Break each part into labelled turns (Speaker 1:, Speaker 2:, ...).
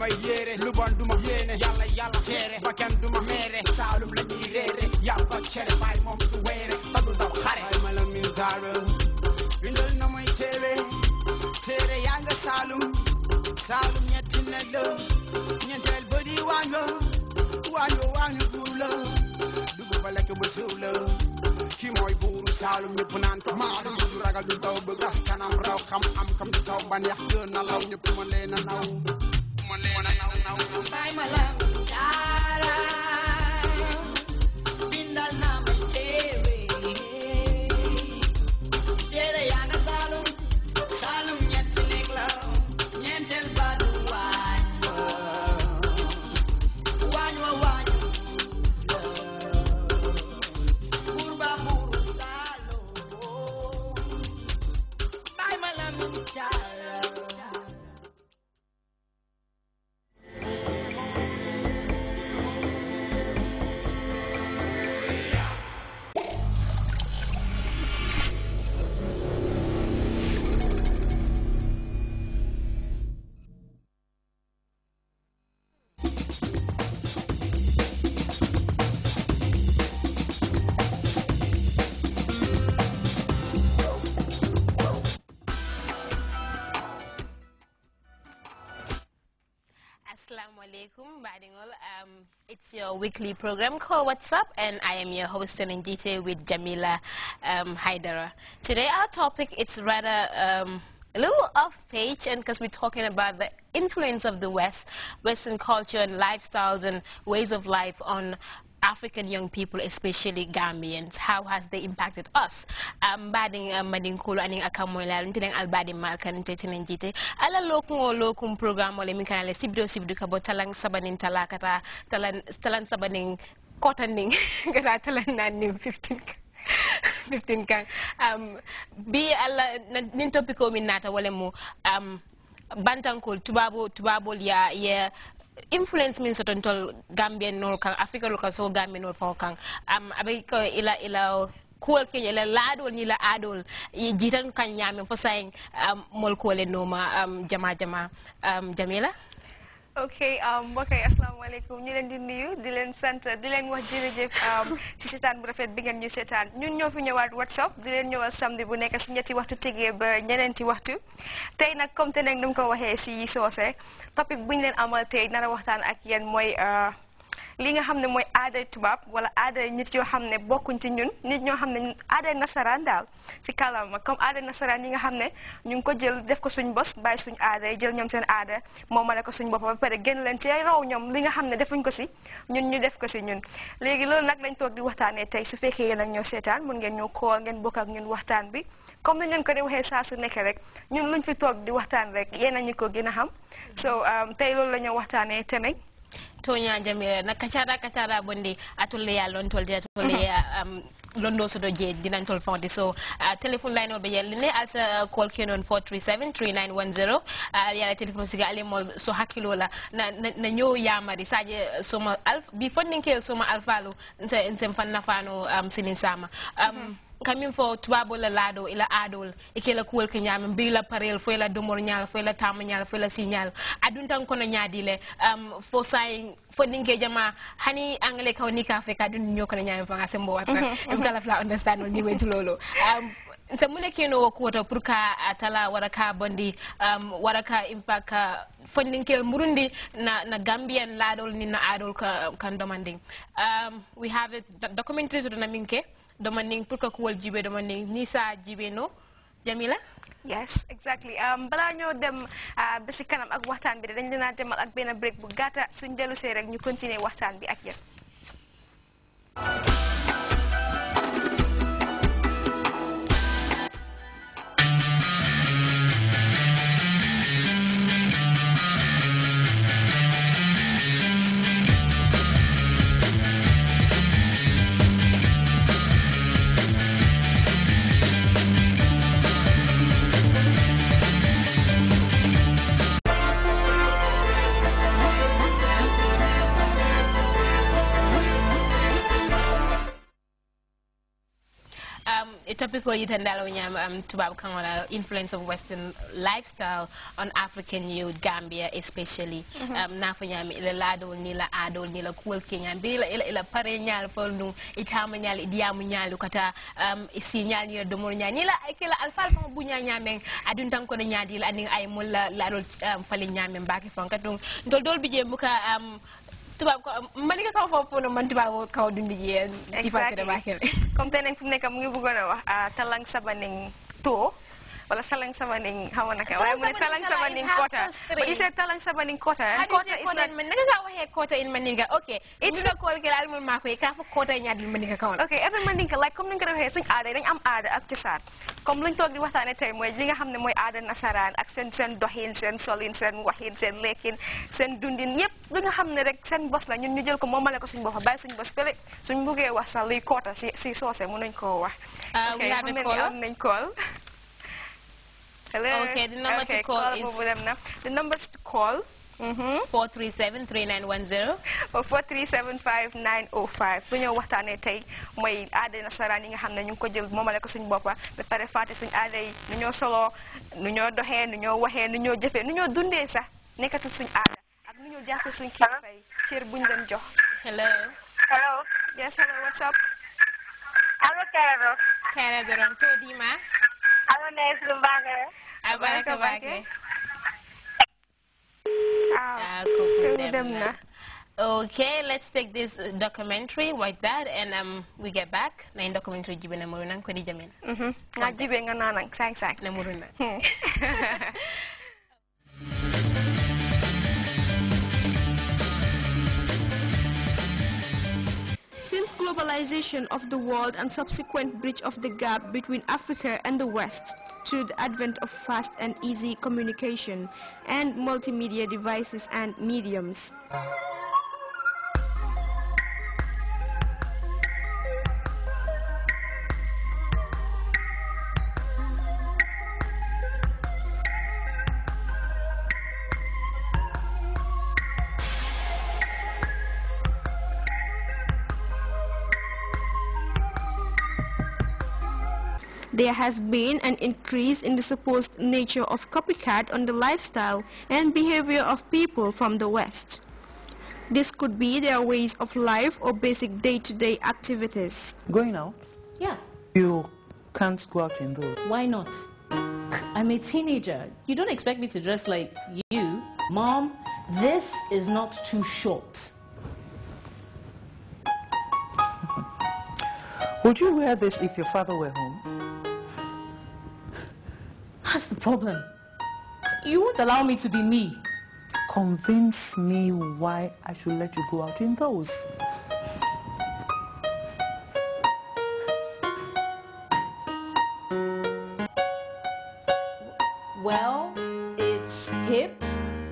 Speaker 1: samay yére lu bon duma yéene yàlla yàlla xeere ba kenn duma meere saalum la ñuy réere yàpp ak baay moom du weere ta du daw xare ay ma la min daara bindal na may téere téere yaa nga saalum saalum ñetti ne la ñeenteel bëri waaño waaño waaño buur la dugub ba lekk ba suuf la ki mooy buuru saalum ñëpp naan ko maalum du ragal du daw bëgg askanam raw xam am kam du taw ban yax gën na law ñëpp mën leen a naw Assalamu alaikum, Um, it's your weekly program called What's Up, and I am your host and DJ with Jamila um, Haidara. Today our topic is rather um, a little off page, and because we're talking about the influence of the West, Western culture and lifestyles and ways of life on African young people, especially Gambians, how has they impacted us? Um, bading um, madinkulu aning akamola, ntineng albadi malka ntetinen jite. Ala lokungo lokum program ole minkanale sibdo sibdo kabo talang sabanin talakata, talan, talan sabanin cottoning gara talan nanim 15 15 kan um, bi ala nin topic o wala mu um, bantankol tubabo tubabol ya ya influence min soton tol gambian nol kan africa lol kan so gambian nol fon am um, abe ko ila ila kuwol keñe la laaɗol ni la aaɗol jitan kan ñaamen fo sayen um, mol kuwole nooma um, jama jama jamila
Speaker 2: Okay, um, okay. Assalamualaikum. Ñu leen di nuyu, di leen sant, di leen wax jërëjëf um, ci sétan bu rafet bi ngeen ñu sétan. Ñun ñoo fi WhatsApp, di leen ñëwal samedi bu nekk si ñetti waxtu tegee ba ñeneen ci waxtu. Tey nag comme te si sosai. topic buñ amal tadi nara waxtaan ak yéen mooy uh, li nga xam ne mooy aaday tubaab wala aaday nit yoo xam ne bokkuñ ci ñun nit ñoo xam ne aaday nasaraan daal si kàllaama comme aaday nasaraan yi nga xam ne ñu ngi ko jël def ko suñ bos bàyyi suñ aaday jël ñoom seen aada moomale ko suñ bopp ba pare génn leen ci raw ñoom li nga xam ne defuñ ko si ñun ñu def ko si ñun léegi loolu nag lañ toog di waxtaanee tey su fekkee yéen ak ñoo seetaan mun ngeen ñu kool ngeen bokk ak ñun waxtaan bi comme nañ leen ko di waxee saa su nekk rek ñun luñ fi toog di waxtaan rek yéen a ñu ko gën a xam so um, tey loolu la ñoo waxtaanee te
Speaker 1: toña jam na kacara kacara bonde atolle ya lontol de atolle ya um, londo sodo je dinantol fondi so uh, telephone line olɓe yellene alta call ke noon a 3910 uh, yala téléphone siga alimol so hakkilola na, na, na ñow yamari sadie soma alpha bi fonninkel soma alphalo nsem fan nafano um, sinin sama um, mm kamin fo tubabo la lado ila adol ike kuul ke kenyam bi la parel fo la domor nyal fo la tam nyal fo la signal adun tan kono nyadile um fo say fo ninge jama hani angle ka ni ka fe ka dun nyokono nyam fo ngasembo watra mm-hmm, em mm-hmm. kala fla understand ni wetu lolo um nta mune keno wo kuwata pour ka atala wara ka bondi um, wara ka impact ka fondinkel murundi na, na gambian ladol ni na adol ka, kan um, we have a documentary to na minke damaning pour ka kuwal jibe damaning nisa jibe no Jamila
Speaker 2: yes exactly um, balaa ñoo dem uh, ba si kanam ak waxtaan bi de dañ dinaa demal ak benn break bu gàtta suñ dellu see rek ñu continuer waxtaan bi ak yen
Speaker 1: topic ko yita ndalo nyam um, um tubab influence of western lifestyle on african youth gambia especially mm na fo nyam ila lado ni la ado ni la kuwal ke nyam bila ila ila pare nyal fol nu itama nyal idiamu nyal kata um, isi nyal ni do mol nyal ni la kila alfal fo bu nyal nyamen adun tan ko nyadi la ani la la dol um, fali nyamen baki fon katung dol dol bije tubaab ko man nga kaw foofu noonu man tubaab kaw dundi ji ci fàtte dama xel
Speaker 2: comme tey nag fu mu mu ngi bëggoon a wax ah, talang sabaneng too wala salang sabaning xaw na ka waaye mu ne talang sabaning kota but he said
Speaker 1: talang sabaning kota and eh. kota is not naka nga waxee kota in maninga okay it's so kool kelal mun maa koy kaa fa kota ñaadil maninga ka woon okay
Speaker 2: every maninga like comme ni nga ko waxee suñ aada dañ am aada ak cosaan comme luñ toog di waxtaane tey mooy li nga xam ne mooy aada nasaraan ak seen seen doxin seen solin seen waxin seen lekkin seen dundin yëpp li nga xam ne rek seen bos la ñun ñu jël ko moomale ko suñ bopp bàyyi suñ bos fële suñ buggee wax sax luy koota si si soose mun nañ koo wax uh, ok xam nañ kool Hello. Okay, the number okay, to call, call is... The numbers to call Mm-hmm. 437-3910. or 437-5905 bu ñëw waxtaanee tey mooy aaday nasaraan yi nga xam ne ñu ngi ko jël moom moomale ko suñu boppa ba pare fàtte suñu aaday nu ñoo soloo nu ñoo doxee nu ñoo waxee nu ñoo jëfee nu ñoo dundee sax nekkatul suñu aada ak nu ñoo jàppee suñ kilifa yi cër buñ leen jox. hello.
Speaker 1: hello. yes hello what's up. allo Kairé Doron. Kairé Okay, let's take this documentary with that and um, we get back. Na in documentary jibe na murunang kwenye jamina. Mhm. Na jibe nga nanang, sang sang. Na murunang. Hmm.
Speaker 2: globalization of the world and subsequent bridge of the gap between Africa and the West through the advent of fast and easy communication and multimedia devices and mediums. There has been an increase in the supposed nature of copycat on the lifestyle and behavior of people from the West. This could be their ways of life or basic day-to-day -day activities.
Speaker 1: Going out? Yeah. You can't go out in those. Why not? I'm a teenager. You don't expect me to dress like you. Mom, this is not too short. Would you wear this if your father were home? That's the problem. You won't allow me to be me. Convince me why I should let you go out in those. Well, it's hip,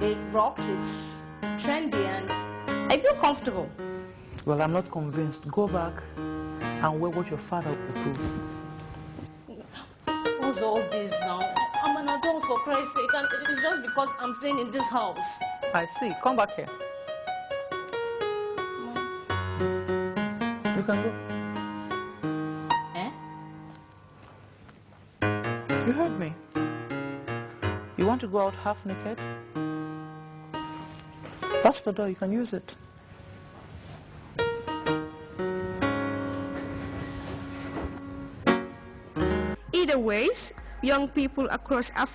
Speaker 1: it rocks, it's trendy, and I feel comfortable. Well, I'm not convinced. Go back and wear what your father would approve. What's all this now? for Christ's sake. And it's just because I'm staying in this house. I see. Come back here. You can go. Eh? You heard me. You want to go out half naked? That's the door. You can use it. Either ways, young people across Africa